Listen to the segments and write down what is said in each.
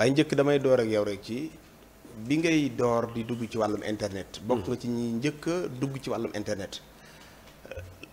waaye njëkk damay door ak yow rek ci bi ngay door di dugg ci wàllum internet. Hmm. bokk nga ci ñi njëkk dugg ci wàllum internet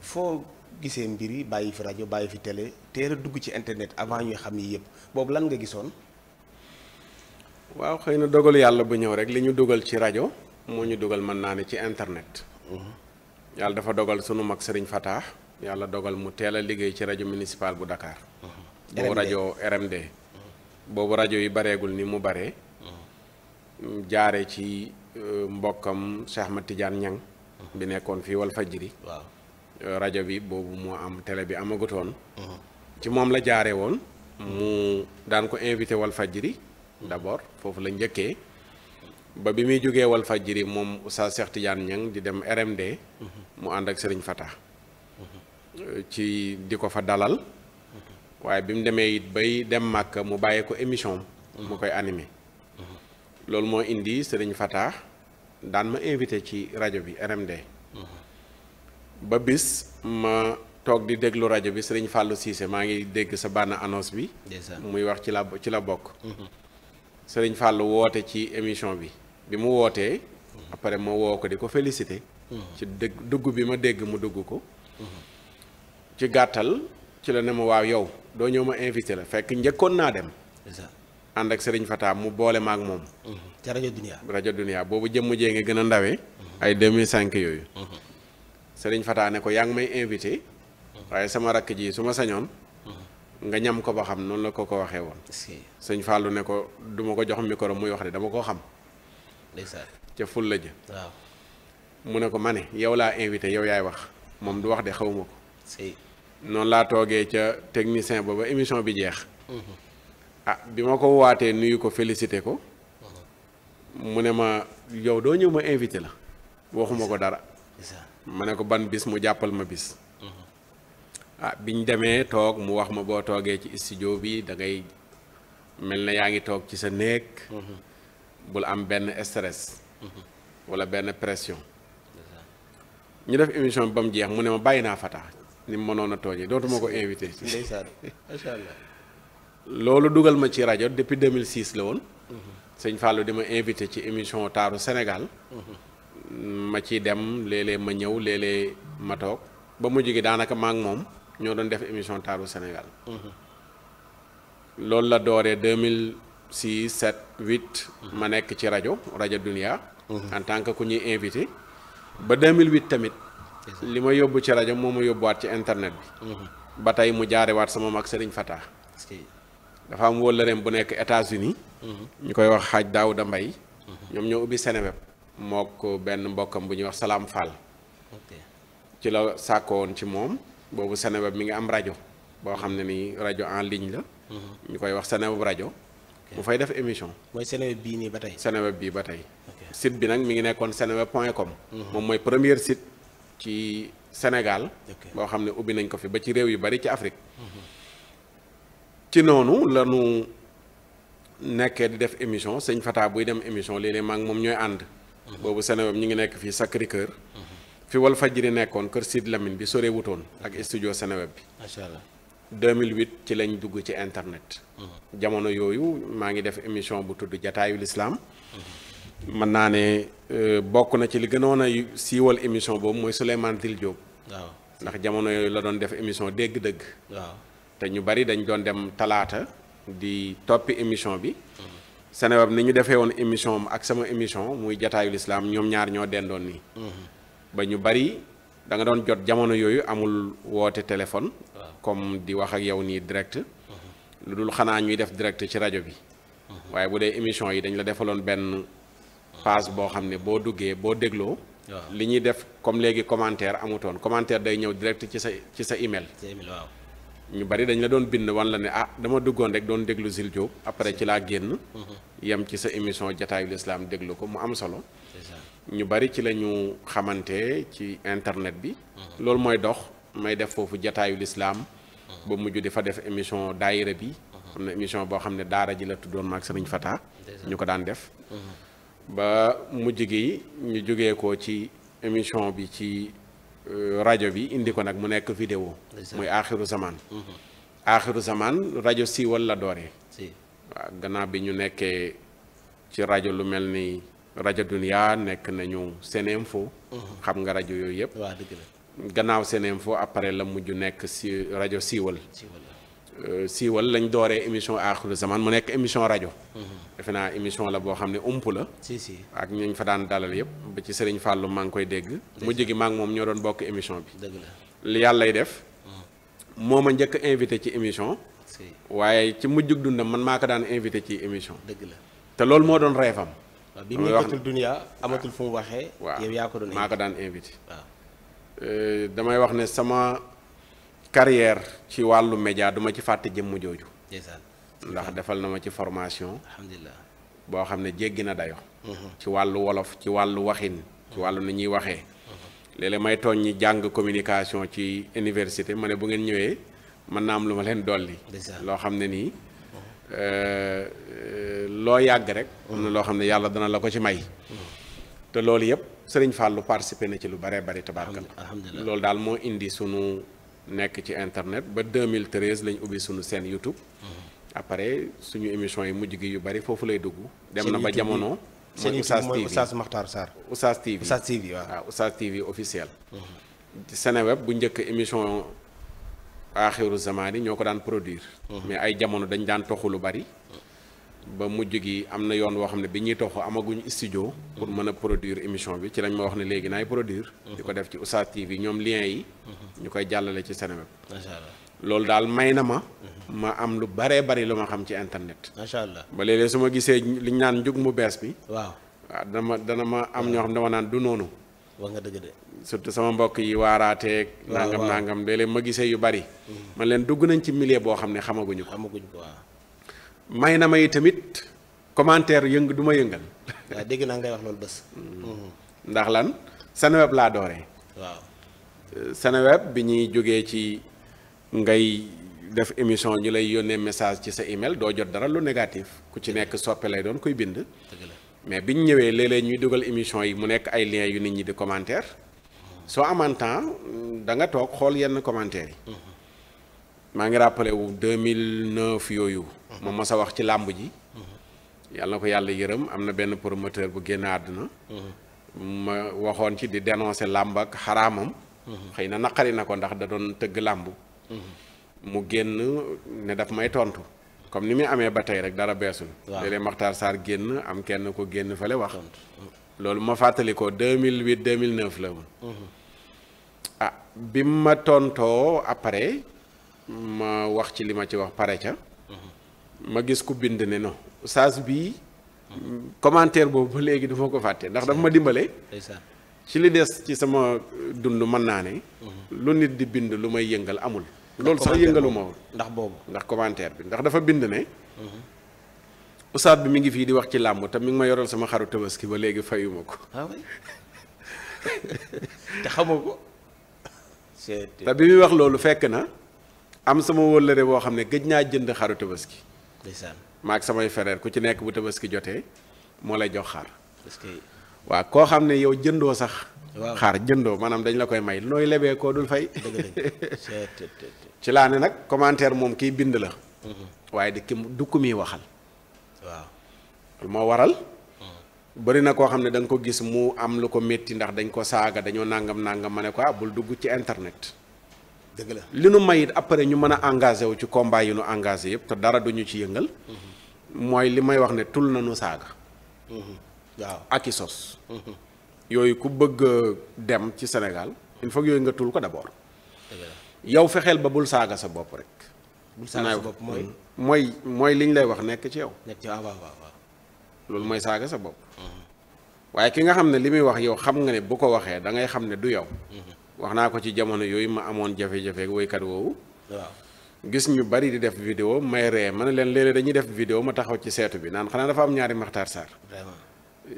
foo gisee mbir yi bàyyi fi rajo bàyyi fi télé teel a dugg ci internet avant ñu xam yi yëpp boobu lan nga gisoon. waaw xëy na dogal yàlla bu ñëw rek li ñu dugal ci rajo moo ñu dugal mën naa ne ci internet. Hmm. yàlla dafa dogal sunu mag Serigne Fatah yàlla dogal mu teel a liggéey ci rajo municipal bu dakaar hmm. boobu rajo RMD. boobu rajo yi bareegul ni mu bare jaare ci euh, mbokkam Cheikh ma Tidiane ñaŋ bi nekkoon fii wal fajiri waaw euh, rajo bi boobu moo am télé bi amagutoon mm-hmm. ci moom la jaare woon mu daan ko invité wal fajiri d'abord foofu la njëkkee ba bi muy jógee wal fajiri moom Oustaz Cheikh Tidiane Niang di dem RMD mm-hmm. mu ànd ak Serigne Fata mm-hmm. euh, ci di ko fa dalal waaye bi mu demee it bay dem màkk mu bàyyee ko émission mu koy anime loolu moo indi Serigne Fatah daan ma invité ci rajo bi RMD ba bis ma toog di déglu rajo bi Serigne Fallou Cissé maa ngi dégg sa bànn annonce bi muy wax ci la ci la bokk mhm. Serigne Fallou woote ci émission bi bi mu wootee après ma woo ko di ko félicité mhm. ci dégg dugg bi ma dégg mu dugg ko mhm. ci gàttal ci la ne ma waaw yow doo ñëw ma invité la fekk njëkkoon naa dem. ànd ak sëriñ Fata mu boole maak moom. Mm-hmm. ca rajo Dunia. rajo Dunia boobu jëmm jee ngi gën a ndawee. Mm-hmm. ay 2005 yooyu. Mm-hmm. sëriñ fataa ne ko yaa ngi may invité. waaye sama rakk ji su ma sañoon. nga ñam ko ba xam noonu la ko ko waxee woon. sëñ fàllu ne ko duma ko jox mikoro muy wax de dama koo xam. ndeysaan ca ful la jë. mu ne ko ma ne yow laa invité yow yaay wax moom du wax de xaw ma ko. noonu laa toogee ca technicien ba ba émission bi jeex. Mhm. ah bi ma ko waatee nuyu ko félicité ko. Mhm. mu ne ma yow doo ñëw ma invité la. waxuma ko dara. ma ne ko ban bis mu jàppal ma bis. Mhm. ah biñ demee toog mu wax ma boo toogee ci studio bi dangay ngay mel na yaa ngi toog ci sa néeg. bul am benn stress. wala benn pression. ñu def émission bi ba mu jeex mu ne ma bàyyi naa fataa ni mu mënoon a tooñee dootuma ko invité. ndeysaan loolu dugal ma ci rajo depuis 2006 la woon. sëñ Fallou di ma invité ci émission taaru Sénégal. ma ciy dem léeg-léeg ma ñëw léeg-léeg ma toog ba mujj gi daanaka ma moom ñoo doon def émission taaru Sénégal. loolu la dooree 2006 7 8. ma nekk ci rajo rajo Dunia. Mhm. en ku ñuy invité. ba 2008 tamit. li ma yóbbu ci rajo moo ma yóbbuwaat ci internet bi. Mhm. ba tey mu jaare waat sama mag Serigne Fata. dafa am wóllëreem bu nekk États-Unis mhm. ñu koy wax xaaj Daouda mbay mhm. ñoom ñoo ubbi Seneweb moo benn mbokkam bu ñuy wax Salaam Fall. ci la sàkkoo woon ci moom boobu Seneweb mi ngi am rajo boo xam ne ni rajo en ligne la. ñu koy wax Seneweb rajo. mu fay def émission. mooy Seneweb bii nii ba tey. Seneweb bii ba tey. site bi nag mi ngi nekkoon seneweb point com. moom mooy premier sit ci Sénégal boo xam ne ubbi nañ ko fi ba ci réew yu bari ci Afrique ci noonu lanu ñu nekkee di def émission sëñ Fata buy dem émission léeg maak moom ñooy ànd mhm. boobu Sénégal ñu ngi nekk fii Sacré Cœur mhm. fi wal fajiri nekkoon kër Sid Lamine bi sore wutoon ak studio Seneweb bi macha allah 2008 ci lañ dugg ci internet mhm. jamono yooyu maa ngi def émission bu tudd jataayu lislaam mën naa ne euh, bokk na ci li gënoon a siiwal émission boobu mooy Souleymane Dil Diop. waaw ndax jamono yooyu la doon def émission dégg-dëgg. te ñu bari dañ doon dem talaata di toppi émission bi. Seneweb ni ñu defee woon émission ak sama émission muy jataayu lislaam ñoom ñaar ñoo dendoon nii. Mhm. ba ñu bari danga doon jot jamono yooyu amul woote téléphone. comme di wax ak yow nii direct. Mhm. lu dul xanaa ñuy def direct ci rajo bi. Mhm. waaye bu dee émission yi dañ la defaloon benn. page boo xam ne boo duggee boo dégloo. li ñuy def comme léegi commentaire amutoon commentaire day ñëw direct ci sa ci sa email. waaw. ñu bari dañu la doon bind wan la ne ah dama duggoon rek doon déglu Jules Diop après ci laa génn. Mhm. yem ci sa émission jataayul islam déglu ko mu am solo. ñu bari ci la ñu xamante ci internet bi. Mhm. loolu mooy dox may def foofu jataayul lislaam mhm. ba mujj di fa def émission daayira bi. am na émission boo xam ne daara ji la tuddoon maag Serigne Fata. ñu ko daan def. ba mujj gi ñu jógee ko ci émission bi ci euh, rajo bi indi ko nag mu nekk vidéo muy aaxiru zaman aaxiru mhm. zaman rajo siiwal la dooree waaw gannaaw bi ñu nekkee ci rajo lu mel ni rajo Dunia nekk nañu Seneinfo mhm. xam nga rajo yooyu yëpp gannaaw foo après la mujj nekk si rajo siiwal Euh, siiwal lañ dooree émission aaxiru zaman mu nekk émission rajo. Mhm. defe naa émission la boo xam ne ump la. si ak ñu fa daan dalal yëpp ba ci Serigne Fallou maa ngi koy dégg. mujj gi maa ngi moom ñoo doon bokk émission bi. dëgg la li yàlla lay def. Mhm. moo ma njëkk invité ci émission. waaye ci mujjug dundam man maa ko daan invité ci émission. dëgg la te loolu moo doon reefam. waaw bi muy nekkatul dunia amatul fu mu waxee. yow yaa ko doon invité maa ko daan invité. Euh, damay wax ne sama. carrière ci wàllu média duma ci fàtte jëmm jooju ndax defal na ma ci formation alhamdulilah boo xam ne jéggi na dayo mhm. ci wàllu wolof ci wàllu waxin ci wàllu ni ñuy waxee mhm. léeg-léeg may tooñ ñi jàng communication ci université ma ne bu ngeen ñëwee man naa am lu ma leen dolli loo xam ne nii mhm. euh, loo yàgg rek am na loo xam ne yàlla dana la ko ci may te loolu yëpp Sëriñ Fàllu participé na ci lu baree bari tabarkal loolu daal moo indi sunu nekk ci internet ba 2013 lañ ubbi suñu seen YouTube. Mhm. après suñu émission yi mujj gi yu bari foofu lay dugg. dem na ba jamono. seen YouTube mooy Oustaz Makhtar Sarr Oustaz TV Oustaz TV waaw Oustaz TV mhm. Seneweb bu njëkk émission axiru zamaani ñoo ko daan produire. Mhm. mais ay jamono dañu daan toxu lu bari. ba mujj gi am na yoon woo xam ne bi ñuy toxu amaguñ studio. pour mën a produire émission bi ci lañ ma wax ne léegi nay produire. di ko def ci Oustaz TV ñoom lien yi. ñu koy jàllale ci Seneweb. macha allah loolu daal may na ma. ma am lu baree bari lu ma xam ci internet. macha allah ba léeg su ma gisee li ñu naan njug mu bees bi. waaw waaw ah dama dana ma am ñoo xam ne dama naan du noonu. wax nga dëgg de. surtout sama mbokk yi waaraateeg. nangam nangam léeg ma gisee yu bari. man leen dugg nañ ci millier boo xam ne xamaguñu ko. ko waaw. may na may tamit commentaire yëng du ma yëngal. waaw dégg naa ngay wax loolu bés. Hmm. ndax lan Seneweb laa dooree. waaw euh, Seneweb bi ñuy jógee ci ngay def émission ñu lay yónnee message ci sa email doo jot dara lu négatif ku ci nekk soppe lay doon kuy bind. mais bi ñu ñëwee léeg ñuy dugal émission yi mu nekk ay liens yu nit ñi di commentaire hmm. soo amaan temps da toog xool yenn commentaire yi. Hmm. maa ngi rappelé wu de 2009 yooyu. Mhm. ma mos wax ci làmb ji. Mhm. yàlla ko yàlla yërëm am na benn promoteur bu génn àdduna. Mhm. ma waxoon ci di dénoncer làmb ak xaraamam. xëy na naqari na ko ndax da doon tëgg làmb. mu génn ne daf may tontu. comme ni muy amee ba tey rek dara beesu waaw léeg-léeg Makhtar génn am kenn ko génn fële wax. loolu ma fàttali ko 2008 2009 la woon. ah bi ma tontoo après. ma wax ci li ma ci wax pare ca ma gis ku bind ne non saas bii commentaire boobu ba léegi duma ko fàtte ndax dafa ma dimbale ci li des ci sama dund mën naa ne lu nit di bind lu may yëngal amul loolu sax yëngalu ma ndax boobu ndax commentaire bi ndax dafa bind ne mhm. Oustaz bi mi ngi fii di wax ci làmb te mi ngi ma yoral sama xaru tabaski ba léegi fayuma ko ah te xamoo ko te bi muy wax loolu fekk na am sama wëllëre boo xam ne gëj naa jënd xaru tabaski. ndeysaan ma ak samay frère ku ci nekk bu tabaski jotee moo lay jox xar. waaw koo xam ne yow jëndoo sax. waaw jëndoo maanaam dañ la koy may nooy lebee koo fay. ci laa nag commentaire moom kiy bind la. Mhm. waaye di ki muy waxal. waral. Mhm. bëri na koo xam ne da ko gis mu am lu ko metti ndax dañ ko saaga dañoo nangam nangam ma ne ko ah, bul dugg ci internet. dëgg la li nu may it après ñu mën a engagé wu ci combat yi nu engagé yëpp te dara duñu ci yëngal. mooy li may wax ne tul na nu saaga. waaw ak i sos. yooyu ku bëgg dem ci Sénégal il faut yooyu nga tul ko d'abord. yow fexeel ba bul saaga sa bopp rek. bul mooy mooy mooy liñ lay wax nekk ci yow. nekk ci ah, waaw loolu mooy saaga sa bopp. Mhm. waaye ki nga xam ne li muy wax yow xam nga ne bu ko waxee da ngay xam ne du yow. Mhm. wax naa ko ci jamono yooyu ma amoon jafe-jafe ak woykat woowu. waaw gis ñu bari di def vidéo may ree ma ne leen léeg dañuy def vidéo ma taxaw ci seetu bi naan xanaa dafa am ñaari Maxtaar Sarr.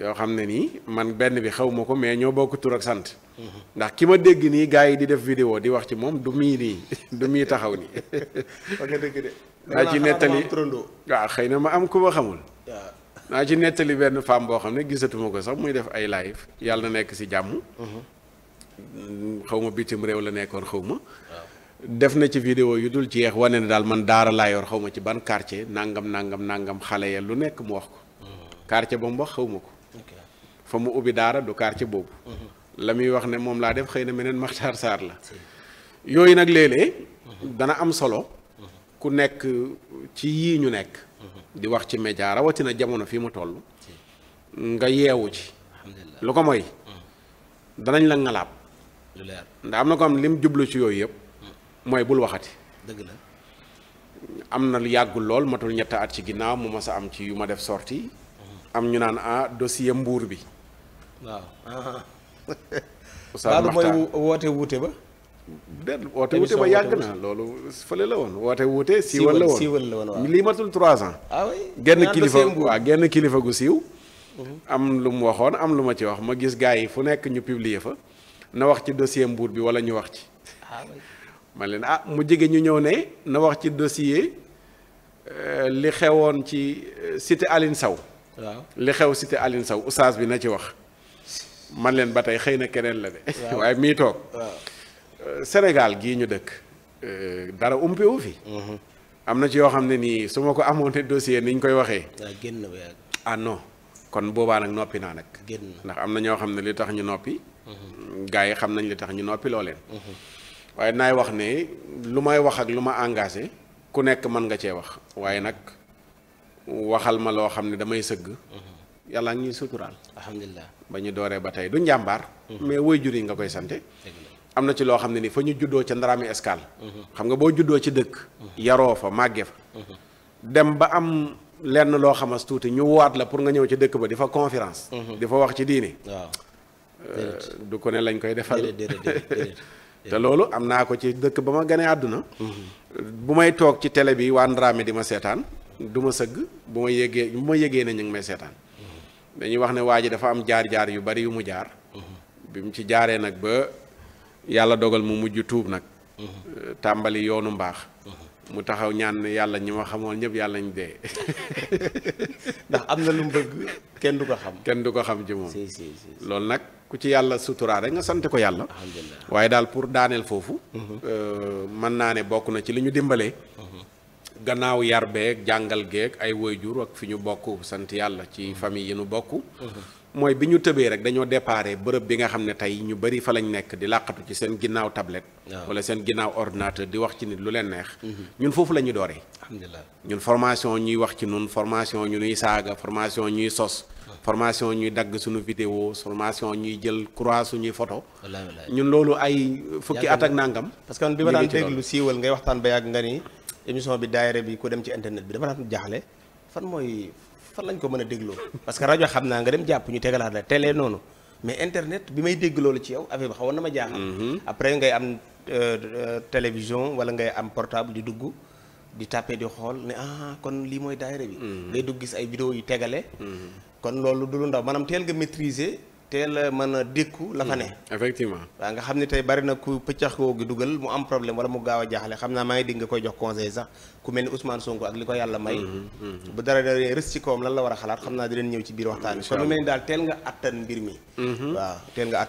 yoo xam ne nii man benn bi xaw ma ko mais ñoo bokk tur ak sant. Mhm. ndax ki ma dégg nii gars yi di def vidéo di wax ci moom du mii nii du mii taxaw nii. wax nga dëgg de. naa ci nettali waaw xëy na ma am ku ma xamul. naa ci nettali benn femme boo xam ne gisatuma ko sax muy def ay live yàlla nekk si jàmm. Mhm. xaw ma bitim réew la nekkoon xaw ma. def na ci vidéo yu dul jeex wane ne daal man daara laa yor xaw ma ci ban quartier nangam nangam nangam xale ya lu nekk mu wax ko. quartier ba mu wax xaw ma ko. fa mu ubbi daara du quartier boobu. Mhm. la muy wax ne moom laa def xëy na meneen Maxtaar Saar la. yooyu nag léeg-léeg mhm. dana am solo. Mhm. ku nekk ci yii ñu nekk. di wax ci média rawatina jamono fii mu toll. nga yeewu ci. lu ko mooy. danañ la ngalaab. lu leer ndax am na ko am lim jublu ci yooyu yëpp mooy bul waxati dëgg la am na lu yàggul lool matul ñetti at ci ginnaaw mu ma sa am ci yu ma def sorti am ñu naan ah dossier mbuur bi waaw oustaz woote wuute ba déet woote wuute ba yàgg na loolu fële la woote wuute siiwal la woon lii matul trois ans ah genn kilifa waaw genn kilifa gu siiw mhm. am lu mu waxoon am lu ma ci wax ma gis gars yi fu nekk ñu publier fa na wax ci dossier mbuur bi wala ñu wax ci ah, ma leen ah mu jege ñu ñëw ne na wax ci dossier euh, li xewoon ci euh, cité Aline Saw li xew cité Aline Saw oustaz bi na ci wax man leen ba tey xëy na keneen la de waaye mii toog euh, Sénégal gii ñu dëkk dara umpewu fi mhm. am na ci yoo xam ne nii su ma ko amoon ne dossier koy waxee ah non kon boobaa nag noppi naa nag ndax am na ñoo xam ne li tax ñu noppi gars yi xam nañ li tax ñu noppi loo leen. Mhm. waaye naay wax ne lu may wax ak lu ma engagé ku nekk mën nga cee wax waaye nag waxal ma loo xam ne damay sëgg. Mhm. yàlla ngi ñuy suturaal. alhamdulilah ba ñu dooree ba tey du njàmbaar. Mhm. mais waajur yi nga koy sante am na ci loo xam ne ni fa ñu juddoo ca Ndaraami Escale. xam nga boo juddoo ci dëkk. yaroo fa màggee fa. dem ba am lenn loo xamas tuuti ñu waat la pour nga ñëw ci dëkk ba di fa conférence. di fa wax ci diine. Euh, du ko ne lañ koy defal te loolu am naa ko ci dëkk ba ma gane àdduna bu may toog ci tele bi waa Ndramé di ma seetaan du ma sëgg bu ma yégee bu ma yégee na ñu ngi may seetaan dañuy wax ne waa ji dafa am jaar-jaar yu bari yu mu jaar bi mu ci jaaree nag ba yàlla dogal mu mujj tuub nag uhuh. euh, tàmbali yoonu mbaax uhuh. mu taxaw ñaan yàlla ñi ma xamoon ñëpp yàlla ñu dee. ndax am na lu mu bëgg kenn du ko xam. kenn du ko xam ci moom. si loolu nag ku ci yàlla suturaa rek nga sant ko yàlla. alhamdulilah waaye daal pour daaneel foofu. Mhm. Euh, mën naa ne bokk na ci li ñu dimbalee. Mhm. gannaaw yar jàngal geek ay woyjur ak fi ñu bokk sant yàlla ci mhm. famille yi bokk. mooy bi ñu tëbee rek dañoo déparé bërëb bi nga xam ne tey ñu bari fa lañ nekk di làqatu ci seen ginnaaw tablette. wala seen ginnaaw ordinateur di wax ci nit lu leen neex. Mhm. ñun foofu la ñu dooree. alhamdulilah ñun formation ñuy wax ci ñun formation ñu nuy saaga formation ñuy sos. formation ñuy dagg suñu vidéo formation ñuy jël croix suñuy photo ñun loolu ay fukki at ak nangam. parce que man bi ma daan dégg lu siiwal ngay waxtaan ba yàgg nga ni émission bi daayira bi ku dem ci internet bi dafa daan jaaxle fan fan lañ ko mën a dégloo parce que rajo xam naa nga dem jàpp ñu tegalaat la télé noonu mais internet bi may dégg loolu ci yow affaire bi xawoon na ma jaaxal mm-hmm. après ngay am euh, télévision wala ngay am portable di dugg di tàppe di xool ne ah kon lii mooy daayira bi mm-hmm. ngay dugg gis ay vidéo yu tegale mm-hmm. kon loolu du ndaw maanaam teel nga maîtriser teel a mën a dékku la fa ne. Hmm. effectivement waaw nga xam ne tey bari na ku pëccax koo gi dugal mu am problème wala mu gaaw a jaaxle xam naa maa ngi dégg nga koy jox conseil sax ku mel ni Ousmane Sonko ak li ko yàlla may. Hmm, hmm, bu dara daree rës ci kawam lan la war a xalaat xam naa di leen ñëw ci biir waxtaan bi. kon lu mel ni daal teel nga attan mbir mi. waaw teel nga